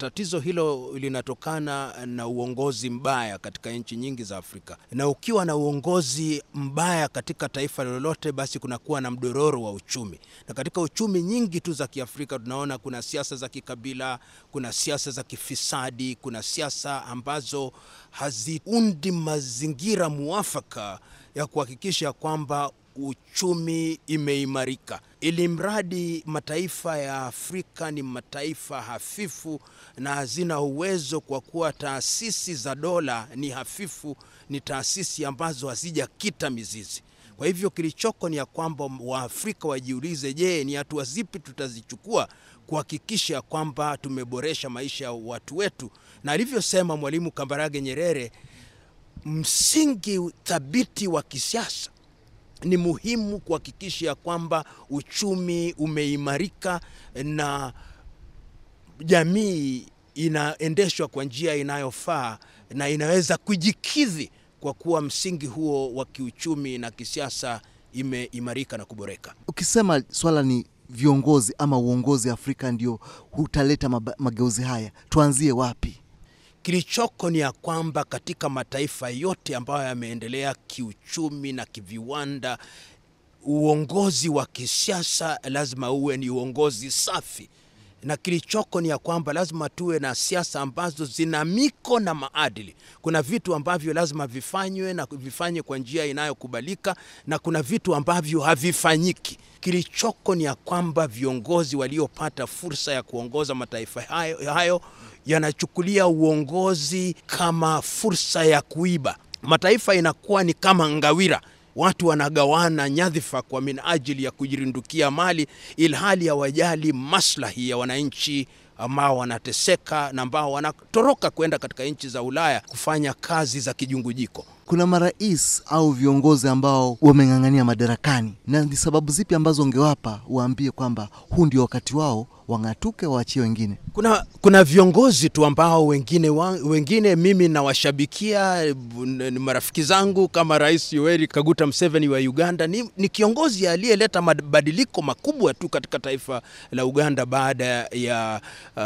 Tatizo hilo linatokana na uongozi mbaya katika nchi nyingi za Afrika, na ukiwa na uongozi mbaya katika taifa lolote, basi kunakuwa na mdororo wa uchumi. Na katika uchumi nyingi tu za Kiafrika tunaona kuna siasa za kikabila, kuna siasa za kifisadi, kuna siasa ambazo haziundi mazingira muafaka ya kuhakikisha kwamba uchumi imeimarika, ili mradi mataifa ya Afrika ni mataifa hafifu na hazina uwezo, kwa kuwa taasisi za dola ni hafifu, ni taasisi ambazo hazijakita mizizi. Kwa hivyo kilichoko ni ya kwamba Waafrika wajiulize, je, ni hatua zipi tutazichukua kuhakikisha kwamba tumeboresha maisha ya watu wetu, na alivyosema Mwalimu Kambarage Nyerere, msingi thabiti wa kisiasa ni muhimu kuhakikisha ya kwamba uchumi umeimarika na jamii inaendeshwa kwa njia inayofaa na inaweza kujikidhi kwa kuwa msingi huo wa kiuchumi na kisiasa imeimarika na kuboreka. Ukisema swala ni viongozi ama uongozi Afrika ndio hutaleta mageuzi haya, tuanzie wapi? Kilichoko ni ya kwamba katika mataifa yote ambayo yameendelea kiuchumi na kiviwanda, uongozi wa kisiasa lazima uwe ni uongozi safi na kilichoko ni ya kwamba lazima tuwe na siasa ambazo zina miko na maadili. Kuna vitu ambavyo lazima vifanywe na vifanywe kwa njia inayokubalika, na kuna vitu ambavyo havifanyiki. Kilichoko ni ya kwamba viongozi waliopata fursa ya kuongoza mataifa hayo, hayo yanachukulia uongozi kama fursa ya kuiba mataifa, inakuwa ni kama ngawira Watu wanagawana nyadhifa kwa minajili ya kujirindukia mali, ilhali hawajali maslahi ya wananchi ambao wanateseka na ambao wanatoroka kwenda katika nchi za Ulaya kufanya kazi za kijungujiko. Kuna marais au viongozi ambao wameng'ang'ania madarakani, na ni sababu zipi ambazo ungewapa waambie kwamba huu ndio wakati wao wang'atuke, waachie wengine. Kuna, kuna viongozi tu ambao wengine, wengine mimi nawashabikia ni marafiki zangu kama Rais Yoweri Kaguta Museveni wa Uganda ni, ni kiongozi aliyeleta mabadiliko makubwa tu katika taifa la Uganda baada ya uh,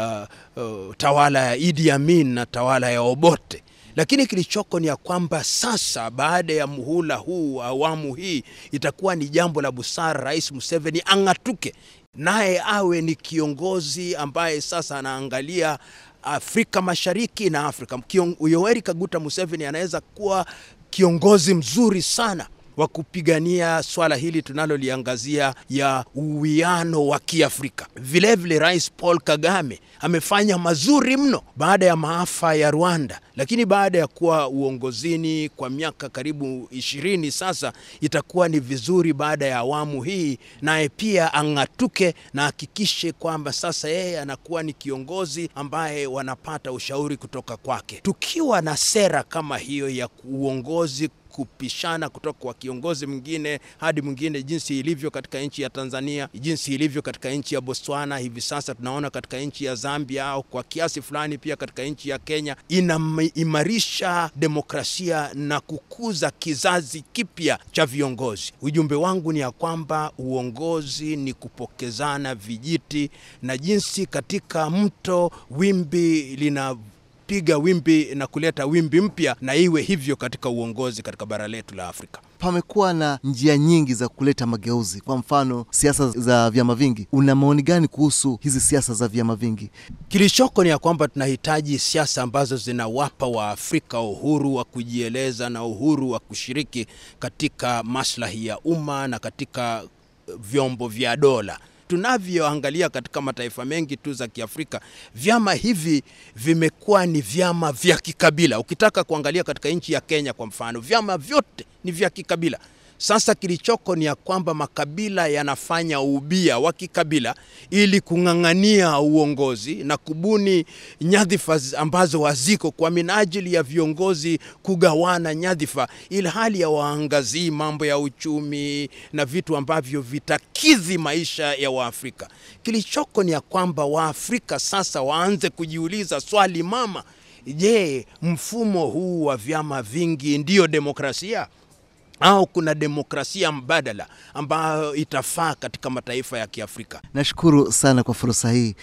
uh, tawala ya Idi Amin na tawala ya Obote. Lakini kilichoko ni ya kwamba sasa baada ya muhula huu, awamu hii, itakuwa ni jambo la busara Rais Museveni ang'atuke, naye awe ni kiongozi ambaye sasa anaangalia Afrika Mashariki na Afrika. Yoweri Kaguta Museveni anaweza kuwa kiongozi mzuri sana wa kupigania swala hili tunaloliangazia ya uwiano wa Kiafrika. Vilevile Rais Paul Kagame amefanya mazuri mno baada ya maafa ya Rwanda, lakini baada ya kuwa uongozini kwa miaka karibu ishirini sasa, itakuwa ni vizuri baada ya awamu hii naye pia ang'atuke na ahakikishe kwamba sasa yeye anakuwa ni kiongozi ambaye wanapata ushauri kutoka kwake. Tukiwa na sera kama hiyo ya uongozi kupishana kutoka kwa kiongozi mwingine hadi mwingine, jinsi ilivyo katika nchi ya Tanzania, jinsi ilivyo katika nchi ya Botswana, hivi sasa tunaona katika nchi ya Zambia au kwa kiasi fulani pia katika nchi ya Kenya, inaimarisha demokrasia na kukuza kizazi kipya cha viongozi. Ujumbe wangu ni ya kwamba uongozi ni kupokezana vijiti na jinsi katika mto wimbi lina kupiga wimbi na kuleta wimbi mpya, na iwe hivyo katika uongozi katika bara letu la Afrika. Pamekuwa na njia nyingi za kuleta mageuzi, kwa mfano siasa za vyama vingi. Una maoni gani kuhusu hizi siasa za vyama vingi? Kilichoko ni ya kwamba tunahitaji siasa ambazo zinawapa Waafrika uhuru wa kujieleza na uhuru wa kushiriki katika maslahi ya umma na katika vyombo vya dola tunavyoangalia katika mataifa mengi tu za Kiafrika, vyama hivi vimekuwa ni vyama vya kikabila. Ukitaka kuangalia katika nchi ya Kenya kwa mfano, vyama vyote ni vya kikabila. Sasa kilichoko ni ya kwamba makabila yanafanya ubia wa kikabila ili kung'ang'ania uongozi na kubuni nyadhifa ambazo haziko kwa minajili ya viongozi kugawana nyadhifa, ili hali ya waangazii mambo ya uchumi na vitu ambavyo vitakidhi maisha ya Waafrika. Kilichoko ni ya kwamba Waafrika sasa waanze kujiuliza swali mama, je, mfumo huu wa vyama vingi ndiyo demokrasia? au kuna demokrasia mbadala ambayo itafaa katika mataifa ya Kiafrika. Nashukuru sana kwa fursa hii.